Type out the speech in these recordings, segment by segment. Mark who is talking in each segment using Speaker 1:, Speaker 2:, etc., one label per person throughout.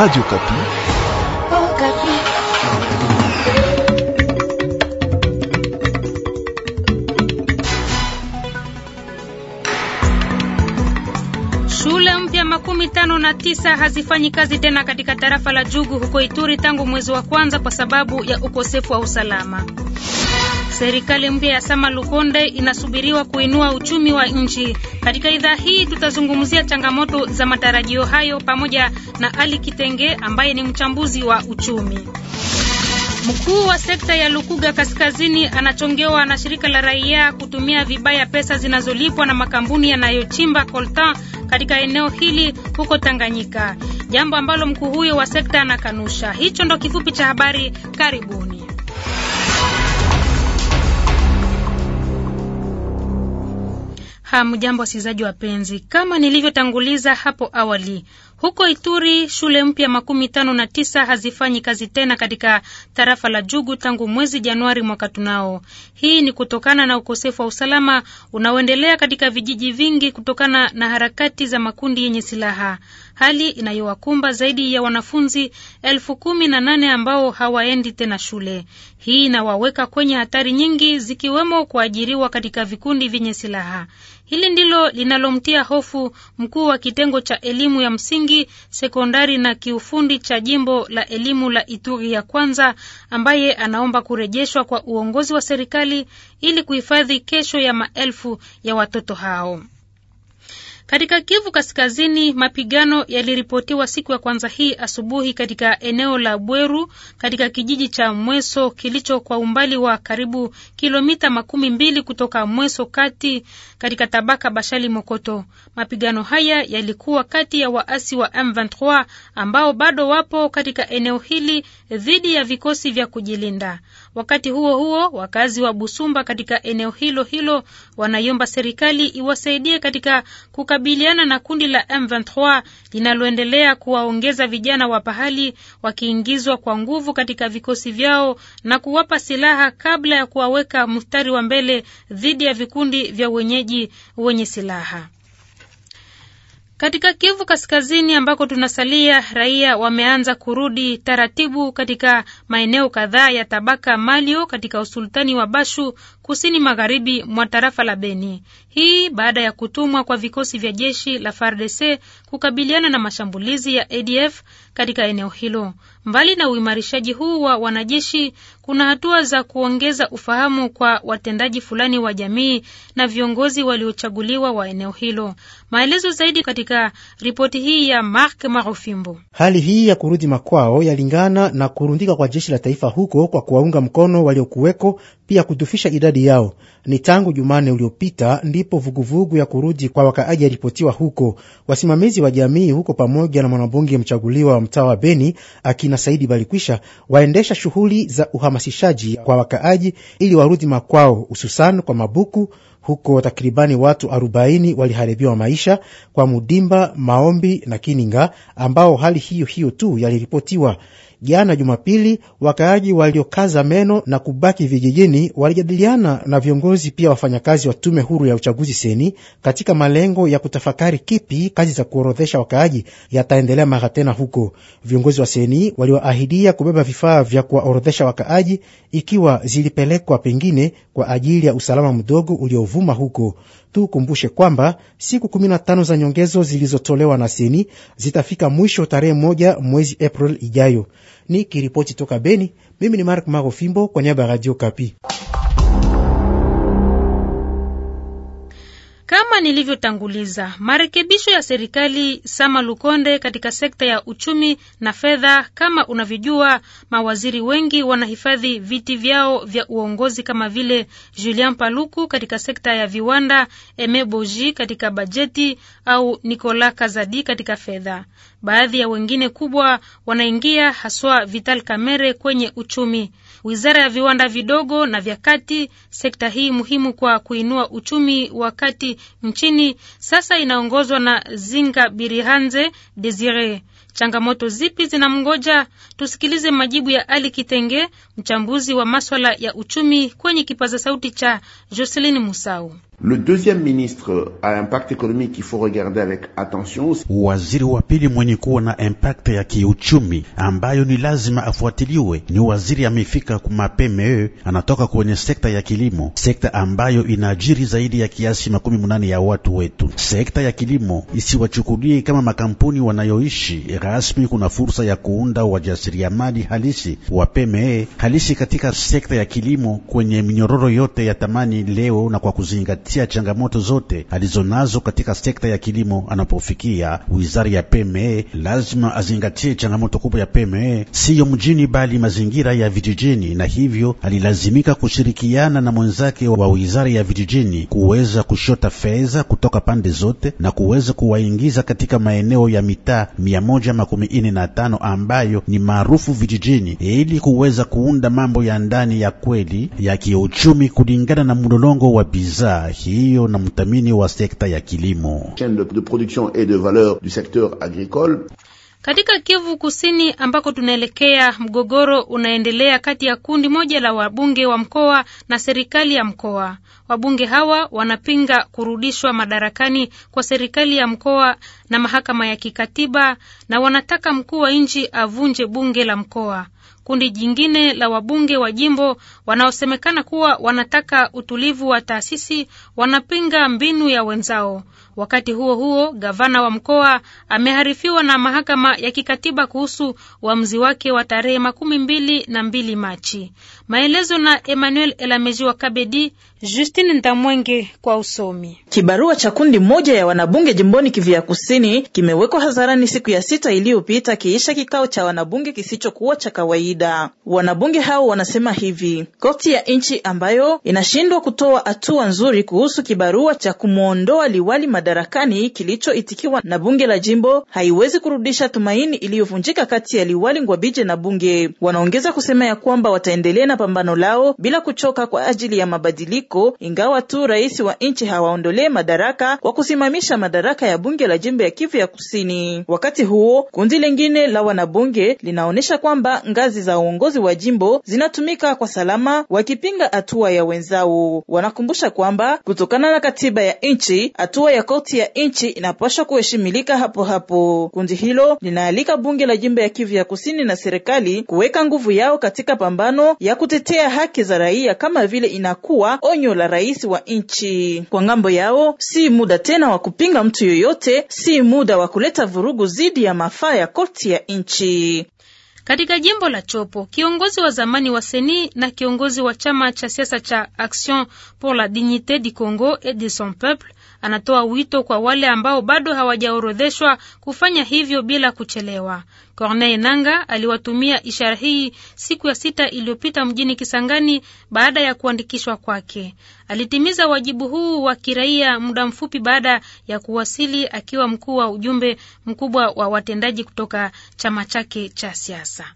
Speaker 1: Radio Kapi.
Speaker 2: Oh, Kapi.
Speaker 3: Shule mpya makumi tano na tisa hazifanyi kazi tena katika tarafa la Jugu huko Ituri tangu mwezi wa kwanza kwa sababu ya ukosefu wa usalama. Serikali mpya ya Sama Lukonde inasubiriwa kuinua uchumi wa nchi. Katika idhaa hii tutazungumzia changamoto za matarajio hayo pamoja na Ali Kitenge ambaye ni mchambuzi wa uchumi. Mkuu wa sekta ya Lukuga Kaskazini anachongewa na shirika la raia kutumia vibaya pesa zinazolipwa na makampuni yanayochimba coltan katika eneo hili huko Tanganyika. Jambo ambalo mkuu huyo wa sekta anakanusha. Hicho ndo kifupi cha habari, karibuni. Hamjambo wasikilizaji wapenzi, kama nilivyotanguliza hapo awali, huko Ituri shule mpya makumi tano na tisa hazifanyi kazi tena katika tarafa la Jugu tangu mwezi Januari mwaka tunao. Hii ni kutokana na ukosefu wa usalama unaoendelea katika vijiji vingi kutokana na harakati za makundi yenye silaha hali inayowakumba zaidi ya wanafunzi elfu kumi na nane ambao hawaendi tena shule. Hii inawaweka kwenye hatari nyingi, zikiwemo kuajiriwa katika vikundi vyenye silaha. Hili ndilo linalomtia hofu mkuu wa kitengo cha elimu ya msingi, sekondari na kiufundi cha jimbo la elimu la Ituri ya kwanza, ambaye anaomba kurejeshwa kwa uongozi wa serikali ili kuhifadhi kesho ya maelfu ya watoto hao. Katika Kivu Kaskazini, mapigano yaliripotiwa siku ya kwanza hii asubuhi katika eneo la Bweru katika kijiji cha Mweso kilicho kwa umbali wa karibu kilomita makumi mbili kutoka Mweso kati katika tabaka Bashali Mokoto. Mapigano haya yalikuwa kati ya waasi wa M23 ambao bado wapo katika eneo hili dhidi ya vikosi vya kujilinda. Wakati huo huo, wakazi wa Busumba katika eneo hilo hilo wanaiomba serikali iwasaidie katika kukabiliana na kundi la M23 linaloendelea kuwaongeza vijana wa pahali wakiingizwa kwa nguvu katika vikosi vyao na kuwapa silaha kabla ya kuwaweka mstari wa mbele dhidi ya vikundi vya wenyeji wenye silaha. Katika Kivu Kaskazini ambako tunasalia, raia wameanza kurudi taratibu katika maeneo kadhaa ya tabaka Malio katika usultani wa Bashu kusini magharibi mwa tarafa la Beni. Hii baada ya kutumwa kwa vikosi vya jeshi la FARDC kukabiliana na mashambulizi ya ADF katika eneo hilo. Mbali na uimarishaji huu wa wanajeshi, kuna hatua za kuongeza ufahamu kwa watendaji fulani wa jamii na viongozi waliochaguliwa wa eneo hilo. Maelezo zaidi katika ripoti hii ya Mark Marofimbo.
Speaker 4: Hali hii ya kurudi makwao yalingana na kurundika kwa jeshi la taifa huko kwa kuwaunga mkono waliokuweko, pia kudufisha idadi idadi yao. Ni tangu Jumane uliopita ndipo vuguvugu vugu ya kurudi kwa wakaaji yaripotiwa huko. Wasimamizi wa jamii huko pamoja na mwanabunge mchaguliwa wa mtaa wa Beni akina Saidi Balikwisha waendesha shughuli za uhamasishaji kwa wakaaji ili warudi makwao, hususan kwa Mabuku huko takribani watu 40 waliharibiwa maisha kwa Mudimba, Maombi na Kininga, ambao hali hiyo hiyo tu yaliripotiwa. Jana Jumapili, wakaaji waliokaza meno na kubaki vijijini walijadiliana na viongozi pia wafanyakazi wa tume huru ya uchaguzi seni katika malengo ya kutafakari kipi kazi za kuorodhesha wakaaji yataendelea mara tena huko. Viongozi wa seni waliwaahidia kubeba vifaa vya kuwaorodhesha wakaaji ikiwa zilipelekwa pengine kwa ajili ya usalama mdogo uliovuma huko. Tukumbushe kwamba siku 15 za nyongezo zilizotolewa na seni zitafika mwisho tarehe moja mwezi April ijayo kiripoti toka Beni, mimi ni Mark Fimbo kwa niaba ya Radio Kapi.
Speaker 3: Kama nilivyotanguliza, marekebisho ya serikali Sama Lukonde katika sekta ya uchumi na fedha. Kama unavyojua, mawaziri wengi wanahifadhi viti vyao vya uongozi kama vile Julien Paluku katika sekta ya viwanda, Eme Boji katika bajeti au Nicolas Kazadi katika fedha. Baadhi ya wengine kubwa wanaingia haswa Vital Kamerhe kwenye uchumi, wizara ya viwanda vidogo na vya kati, sekta hii muhimu kwa kuinua uchumi wakati nchini sasa inaongozwa na Zinga Birihanze Desire. Changamoto zipi zinamngoja? Tusikilize majibu ya Ali Kitenge, mchambuzi wa maswala ya uchumi, kwenye kipaza sauti cha Jocelyn Musau.
Speaker 2: Le deuxième
Speaker 1: ministre a impact économique qu'il faut regarder avec attention. Waziri wa pili mwenye kuwa na impact ya kiuchumi ambayo ni lazima afuatiliwe ni waziri amefika kuma PME, anatoka kwenye sekta ya kilimo, sekta ambayo inaajiri zaidi ya kiasi makumi munane ya watu wetu. Sekta ya kilimo isiwachukulie kama makampuni wanayoishi rasmi. Kuna fursa ya kuunda wajasiriamali halisi wa PME halisi katika sekta ya kilimo kwenye minyororo yote ya thamani leo na kwa kuzingatia kupitia changamoto zote alizonazo katika sekta ya kilimo. Anapofikia wizara ya PME, lazima azingatie changamoto kubwa ya PME, siyo mjini bali mazingira ya vijijini, na hivyo alilazimika kushirikiana na mwenzake wa wizara ya vijijini kuweza kushota fedha kutoka pande zote na kuweza kuwaingiza katika maeneo ya mitaa mia tano ambayo ni maarufu vijijini ili kuweza kuunda mambo ya ndani ya kweli ya kiuchumi kulingana na mlolongo wa bidhaa hiyo na mthamini wa sekta ya kilimo
Speaker 2: de, de production et de valeur du secteur agricole.
Speaker 3: Katika Kivu Kusini ambako tunaelekea, mgogoro unaendelea kati ya kundi moja la wabunge wa mkoa na serikali ya mkoa. Wabunge hawa wanapinga kurudishwa madarakani kwa serikali ya mkoa na mahakama ya kikatiba na wanataka mkuu wa nchi avunje bunge la mkoa. Kundi jingine la wabunge wa jimbo wanaosemekana kuwa wanataka utulivu wa taasisi wanapinga mbinu ya wenzao. Wakati huo huo, gavana wa mkoa ameharifiwa na mahakama ya kikatiba kuhusu uamuzi wake wa tarehe makumi mbili na mbili Machi. Maelezo na Emmanuel Elamezi wa Kabedi, Justine Ntamwenge kwa usomi.
Speaker 5: Kibarua cha kundi moja ya wanabunge jimboni Kivu ya Kusini kimewekwa hadharani siku ya sita iliyopita kiisha kikao cha wanabunge kisichokuwa cha kawaida. Wanabunge hao wanasema hivi: korti ya nchi ambayo inashindwa kutoa hatua nzuri kuhusu kibarua cha kumwondoa liwali madarakani kilichoitikiwa na bunge la jimbo haiwezi kurudisha tumaini iliyovunjika kati ya liwali Ngwabije na bunge. Wanaongeza kusema ya kwamba wataendelea na pambano lao bila kuchoka kwa ajili ya mabadiliko, ingawa tu rais wa nchi hawaondolee madaraka kwa kusimamisha madaraka ya bunge la jimbo ya Kivu ya Kusini. Wakati huo kundi lingine la wanabunge linaonyesha kwamba ngazi za uongozi wa jimbo zinatumika kwa salama, wakipinga hatua ya wenzao. Wanakumbusha kwamba kutokana na katiba ya nchi, hatua ya koti ya nchi inapaswa kuheshimilika hapo hapo. Kundi hilo linaalika bunge la jimbo ya Kivu ya Kusini na serikali kuweka nguvu yao katika pambano ya kutetea haki za raia kama vile inakuwa onyo la rais wa nchi. Kwa ngambo yao, si muda tena wa kupinga mtu yoyote, si muda wa kuleta vurugu dhidi ya mafaa ya koti ya nchi.
Speaker 3: Katika jimbo la Chopo, kiongozi wa zamani wa Seni na kiongozi wa chama cha siasa cha Action pour la Dignité du Congo et de son Peuple Anatoa wito kwa wale ambao bado hawajaorodheshwa kufanya hivyo bila kuchelewa. Corneille Nanga aliwatumia ishara hii siku ya sita iliyopita mjini Kisangani baada ya kuandikishwa kwake. Alitimiza wajibu huu wa kiraia muda mfupi baada ya kuwasili akiwa mkuu wa ujumbe mkubwa wa watendaji kutoka chama chake cha siasa.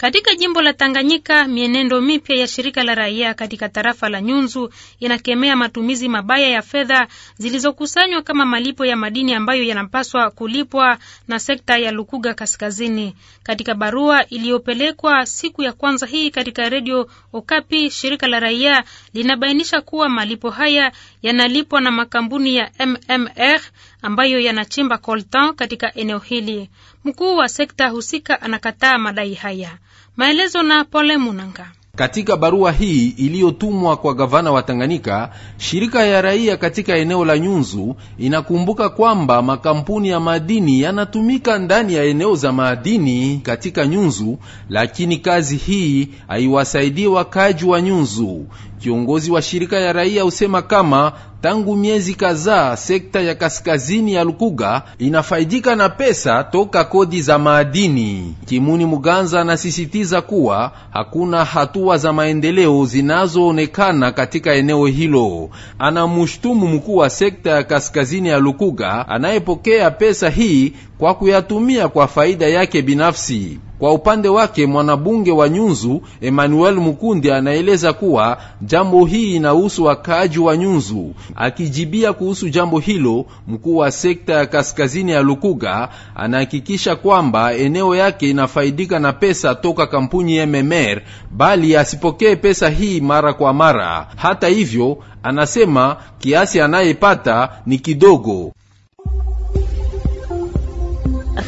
Speaker 3: Katika jimbo la Tanganyika, mienendo mipya ya shirika la raia katika tarafa la Nyunzu inakemea matumizi mabaya ya fedha zilizokusanywa kama malipo ya madini ambayo yanapaswa kulipwa na sekta ya Lukuga Kaskazini. Katika barua iliyopelekwa siku ya kwanza hii katika redio Okapi, shirika la raia linabainisha kuwa malipo haya yanalipwa na makampuni ya MMR ambayo yanachimba coltan katika eneo hili. Mkuu wa sekta husika anakataa madai haya. Maelezo na Pole Munanga.
Speaker 6: Katika barua hii iliyotumwa kwa gavana wa Tanganyika, shirika ya raia katika eneo la Nyunzu inakumbuka kwamba makampuni ya madini yanatumika ndani ya eneo za madini katika Nyunzu, lakini kazi hii haiwasaidii wakaji wa Nyunzu. Kiongozi wa shirika ya raia husema kama Tangu miezi kadhaa, sekta ya kaskazini ya Lukuga inafaidika na pesa toka kodi za maadini. Kimuni Muganza anasisitiza kuwa hakuna hatua za maendeleo zinazoonekana katika eneo hilo. Anamshtumu mkuu wa sekta ya kaskazini ya Lukuga anayepokea pesa hii kwa kuyatumia kwa faida yake binafsi. Kwa upande wake mwanabunge wa Nyunzu Emmanuel Mukundi anaeleza kuwa jambo hii inahusu wakaaji wa Nyunzu. Akijibia kuhusu jambo hilo, mkuu wa sekta ya kaskazini ya Lukuga anahakikisha kwamba eneo yake inafaidika na pesa toka kampuni ya MMR, bali asipokee pesa hii mara kwa mara. Hata hivyo, anasema kiasi anayepata ni kidogo.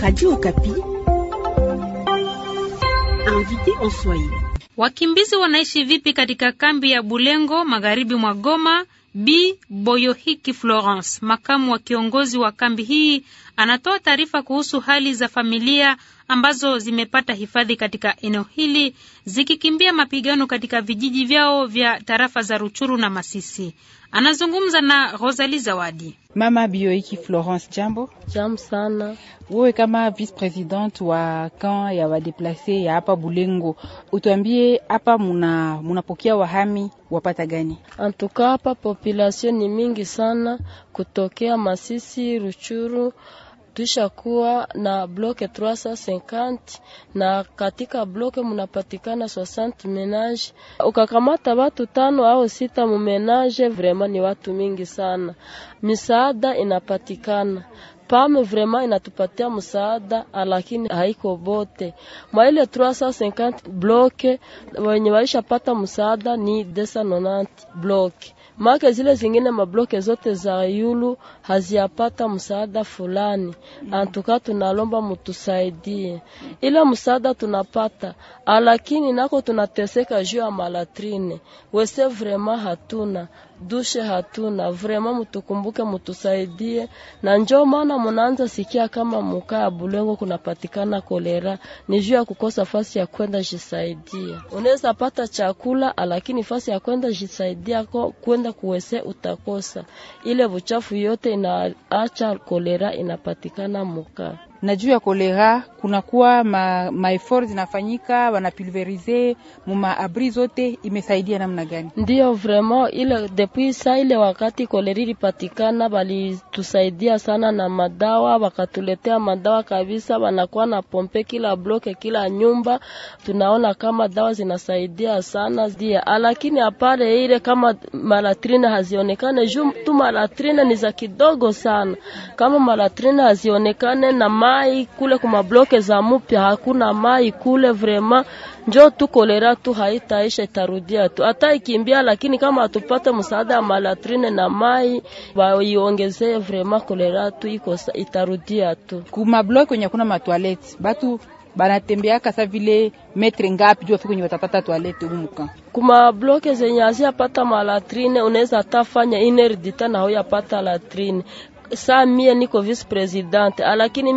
Speaker 3: Radio Kapi invité en soi. Wakimbizi wanaishi vipi katika kambi ya Bulengo magharibi mwa Goma? Bi Boyohiki Florence, makamu wa kiongozi wa kambi hii, anatoa taarifa kuhusu hali za familia ambazo zimepata hifadhi katika eneo hili zikikimbia mapigano katika vijiji vyao vya tarafa za Ruchuru na Masisi. Anazungumza na Rosalie Zawadi.
Speaker 5: Mama Bioiki Florence, jambo. Jambo sana. Wewe kama vice president wa kamp ya wadeplase ya hapa Bulengo, utuambie hapa
Speaker 7: muna munapokea wahami wapata gani? Antuka hapa population ni mingi sana kutokea Masisi, Ruchuru tuisha kuwa na bloke 350 na katika bloke mnapatikana 60 menage. Ukakamata watu tano au sita mumenage, vrema ni watu mingi sana. Misaada inapatikana PAM vraiment inatupatia msaada, lakini haiko bote mwa ile 350 bloke wenye waishapata msaada ni 290 bloke make zile zingine mabloke zote za yulu haziyapata msaada fulani mm. Antuka tunalomba mutusaidie, ila msaada tunapata, alakini ah, nako tunateseka juu ya malatrine wese, vrema hatuna dushe hatuna vrema, mutukumbuke mutusaidie. Na njo maana munaanza sikia kama mukaa Bulengo kunapatikana kolera, ni juu ya kukosa fasi ya kwenda jisaidia. Unaweza pata chakula, ah, lakini fasi ya kwenda jisaidia kwenda kuwese utakosa ile buchafu yote inaacha kolera inapatikana muka na juu ya kolera kunakuwa ma, effort zinafanyika wanapulverize abri zote, imesaidia namna gani? Ndio vraiment ile depuis sa ile wakati koleri ilipatikana, walitusaidia sana na madawa, wakatuletea madawa kabisa, wanakuwa na pompe kila bloke, kila nyumba. Tunaona kama dawa zinasaidia sana dia, ah, lakini apare ile kama malatrina hazionekane juu tu malatrina ni za kidogo sana, kama malatrina hazionekane na ma mai kule kumabloke za mupya, hakuna mai kule vrema, njo tu kolera tu haitaisha, itarudia tu hata ikimbia, lakini kama atupate msaada ya malatrine na mai waiongezee, vrema kolera tu iko itarudia tu kuma bloke kwenye kuna
Speaker 5: matwaleti batu banatembeaka kasa vile metre ngapi juu afike kwenye watapata toilette umuka
Speaker 7: kuma bloke zenye aziapata malatrine, unaweza atafanya inerdita na hoyo apata latrine saa mie niko vice presidente, ah, lakini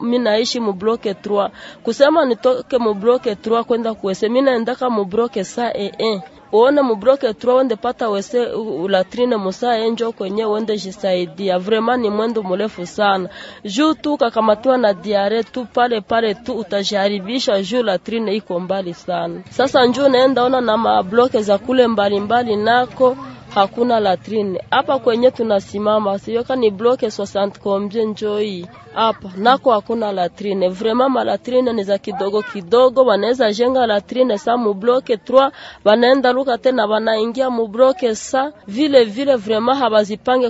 Speaker 7: mi naishi mubloke 3. Kusema nitoke block 3 kwenda kuwese, mi mu mubloke saa ee uone mubloke 3 wende pata wese ulatrine musa enjo kwenye wende jisaidia. Vrema ni mwendo mrefu sana, juu tu kakamatiwa na diare tu pale pale tu utajaribisha, juu latrine iko mbali sana. Sasa njuu naenda ona na mabloke za kule mbalimbali mbali nako hakuna latrine hapa kwenye tunasimama, siyoka ni bloke 60 kombie njoi hapa nako hakuna latrine. Vraiment malatrine ni za kidogo kidogo, wanaweza jenga latrine sa mubloke 3 wanaenda luka tena wanaingia mubloke sa vile vile, vraiment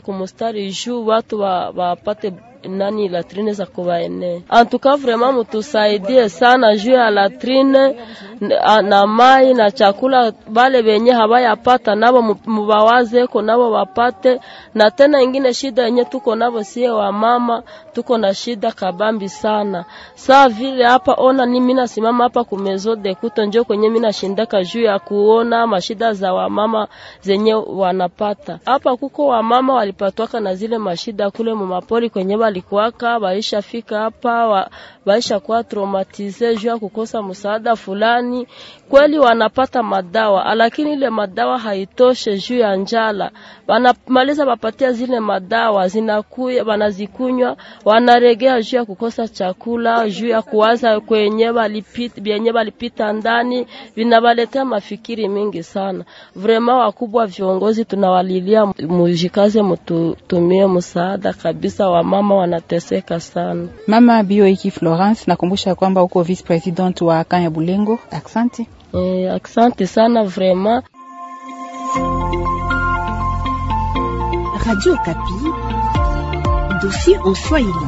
Speaker 7: kumustari juu watu wapate wa nani latrine za kubaene. Antuka vraiment mutusaidie sana juu ya latrine na mai na chakula, bale benye habayapata nabo mubawazeko nabo bapate. Na tena ingine shida yenye tuko nabo sie wa mama, tuko na shida kabambi sana. Saa vile hapa ona, ni mina simama hapa kumezo de kuto, njo kwenye mina shindaka juu ya kuona mashida za wa mama zenye wanapata hapa. Kuko wa mama walipatwaka na zile mashida kule mumapoli kwenye ba alikuwaka baisha fika hapa wa, baisha kuwa traumatize juu ya kukosa msaada fulani. Kweli wanapata madawa, lakini ile madawa haitoshe juu ya njala. Wanamaliza wapatia zile madawa zinakuya, wanazikunywa wanaregea juu ya kukosa chakula, juu ya kuwaza kwenye walipita byenye walipita ndani, vinabaletea mafikiri mingi sana. Vrema wakubwa viongozi tunawalilia, mujikaze, mututumie msaada kabisa wa mama wanateseka sana.
Speaker 5: Mama Bioiki Florence, nakumbusha kwamba uko vice president wa Kanya Bulengo. Aksanti Eh, aksanti
Speaker 7: sana vraiment. Radio
Speaker 5: Kapi, dossier en Swahili.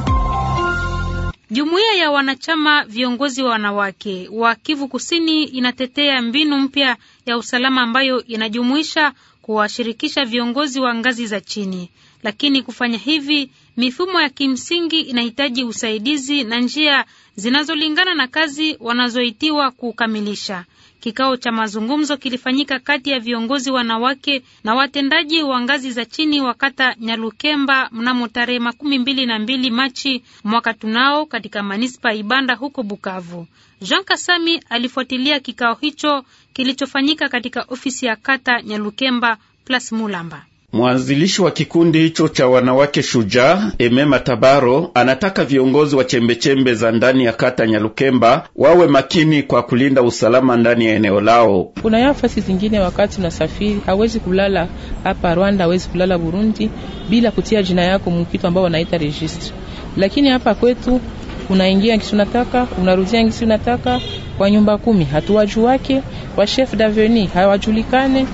Speaker 3: Jumuiya ya wanachama viongozi wa wanawake wa Kivu Kusini inatetea mbinu mpya ya usalama ambayo inajumuisha kuwashirikisha viongozi wa ngazi za chini, lakini kufanya hivi mifumo ya kimsingi inahitaji usaidizi na njia zinazolingana na kazi wanazoitiwa kukamilisha. Kikao cha mazungumzo kilifanyika kati ya viongozi wanawake na watendaji wa ngazi za chini wa kata Nyalukemba mnamo tarehe makumi mbili na mbili Machi mwaka tunao katika manispa Ibanda huko Bukavu. Jean Kasami alifuatilia kikao hicho kilichofanyika katika ofisi ya kata Nyalukemba Plas Mulamba.
Speaker 2: Mwanzilishi wa kikundi hicho cha wanawake shujaa Eme Matabaro anataka viongozi wa chembechembe za ndani ya kata Nyalukemba wawe makini kwa kulinda usalama ndani ya eneo lao.
Speaker 5: Kuna nafasi zingine, wakati unasafiri, hawezi kulala hapa Rwanda, hawezi kulala Burundi bila kutia jina yako mkitu ambao wanaita registry, lakini hapa kwetu unaingia ngisi unataka, unarudia ngisi unataka, kwa nyumba kumi hatuwaju wake wa chef d'avenir hawajulikane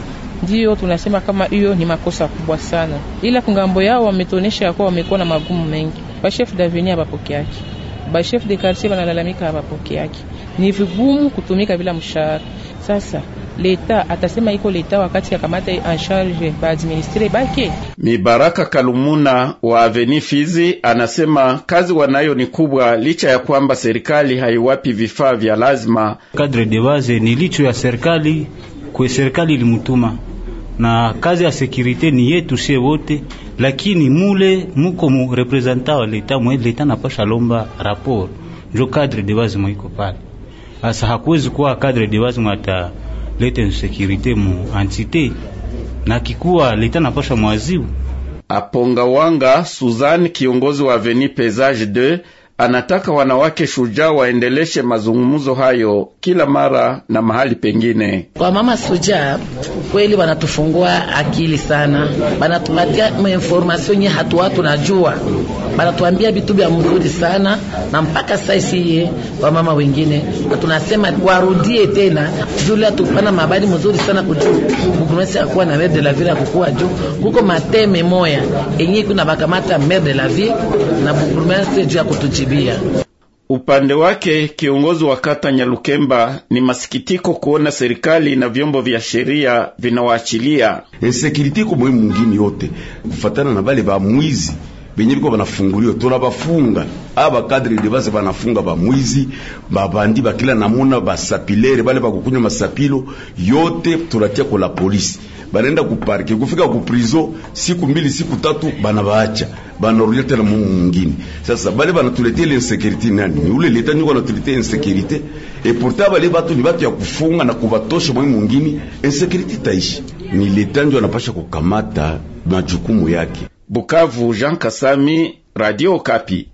Speaker 5: Ndiyo tunasema kama hiyo ni makosa kubwa sana, ila kungambo yao wametonesha ya kuwa wamekuwa na magumu mengi. Bashefu daveni habapokeaki, bashefu de quartier banalalamika habapokeaki, ni vigumu kutumika bila mshahara. Sasa leta atasema iko leta wakati ya kamata en charge ba administre bake.
Speaker 2: Mibaraka Kalumuna wa Aveni Fizi anasema kazi wanayo ni kubwa, licha ya kwamba serikali haiwapi vifaa vya lazima.
Speaker 1: Cadre de base ni licho ya serikali, kwa serikali ilimutuma na kazi ya sekurite ni yetu sie wote, lakini mule muko mu representa wa leta mwe leta napasha lomba raporo njo kadre de base mwiko pale. Asa hakuwezi kuwa kadre de base mwata leta
Speaker 2: sekurite mu antite na kikuwa leta napasha mwazibu aponga wanga Suzanne, kiongozi wa Veni Pesage 2 anataka wanawake shujaa waendeleshe mazungumzo hayo kila mara na mahali pengine.
Speaker 5: Kwa mama shujaa kweli wanatufungua akili sana, banatupatia mainformasio nye hatuwa tunajua banatuambia vitu vya mzuri sana, na mpaka ye wa mama wengine na tunasema warudie tena jule, atupana mabadi mzuri sana kujuu bukunwesi akuwa na mer de la ville akukuwa juu kuko mateme moya enye kuna bakamata mer de la ville na bukunwesi juu ya kutujibia.
Speaker 2: Upande wake kiongozi wa kata Nyalukemba ni masikitiko kuona serikali na vyombo vya sheria vinawaachilia. Insekuriti eh, muhimu mwingine yote kufatana na bale ba mwizi benye biko banafunguliwa, tunabafunga aba kadri de base banafunga ba mwizi babandi bakila namuna basapilere bale bakukunywa masapilo yote tunatia kwa la polisi, banaenda kuparke kufika ku prison siku mbili siku tatu banabaacha banarudia tena mwingine. Sasa bale banatuletea ile insecurity nani? Ni ule leta nyiko anatuletea insecurity et pourtant bale batu ni batu ya kufunga na kubatosha mwe mwingine, insecurity taishi. Ni leta ndio anapasha kukamata majukumu yake. Bukavu, Jean Kasami, Radio Kapi.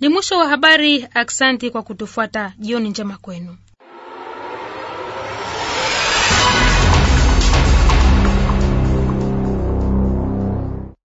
Speaker 3: Ni mwisho wa habari. Aksanti kwa kutufuata. Jioni njema kwenu.